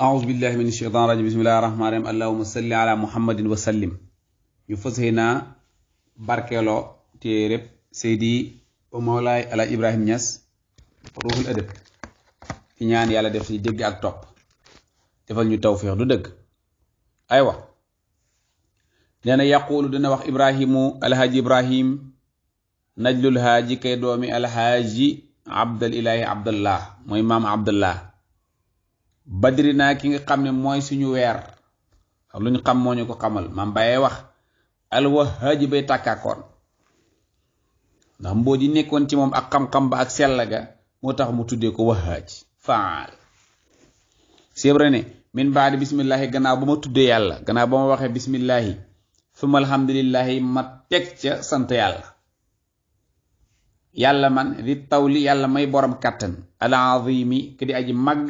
أعوذ بالله من الشيطان الرجيم بسم الله الرحمن الرحيم اللهم صل على ñu fas xëy naa barkeeloo téereb Seydi Mawlaay Ala Ibrahima ruuxul adab ci ñaan yàlla def ci dégg ak topp defal ñu tawféex du dëgg aywa nee na yaquulu dana wax ibrahimu alhaaji ibrahim najlul haaji kay doomi alhaaji abdal ilaahi abdallah mooy maam abdallah badri naa ki nga xam ne mooy suñu weer lu ñu xam mooñu ko xamal maam bàyyee wax alwahaaji bay tàkkaakoon ndax mbóot yi nekkoon ci moom ak xam-xam ba ak sell ga moo tax mu tuddee ko wahaaj faal sébra ne min baadi bismillaahi gannaaw ma tuddee yàlla gannaaw ba ma waxee bismillaahi suma alhamdulillahi ma teg ca sant yàlla yàlla man di tawli yàlla may borom kàttan al azimi ki di aji màgg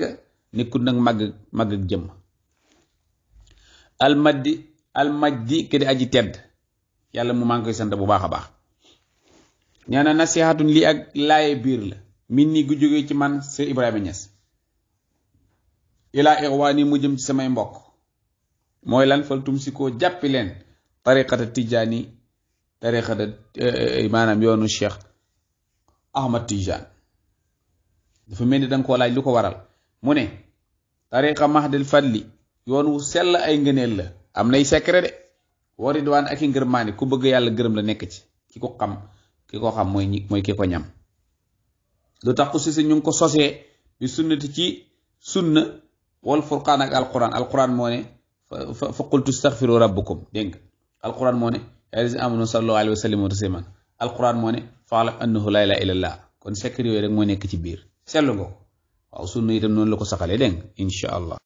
nekkul nag màgg màgg ak jëmm almajdi almajdi ke di aji tedd yàlla mu maa ngi koy sant bu baax a baax nee na lii ak laaye biir la min ni gu jógee ci man Sëriñ Ibrahima Niass ilaa ixwaani mu jëm ci samay mbokk mooy lan fal tum si koo jàppi leen tariqata tijaani eh, maanaam yoonu Cheikh Ahmad Tijaan dafa mel ni danga koo laaj lu ko waral mu ne tariqa mahdil fadli yoon wu sell ay ngëneel la am nay secret de woo ridwaan ak i ngërmaane ku bëgg yàlla gërëm la nekk ci ki ko xam ki ko xam mooy mooy ki ko ñam lu tax ku sisi ñu ngi ko sosee bi sunnati ci sunna wal furqaan ak alquran alquran moo ne fa qultu staxfiru dénk dégg alquran moo ne yaa lazina amanu sallu alayhi wa sallimu tasliman alquran moo ne faalam annahu laa ilaaha illallah kon secret yooyu rek moo nekk ci biir sellu nga ko waaw sunna itam noonu la ko saxalee dégg nga incha allah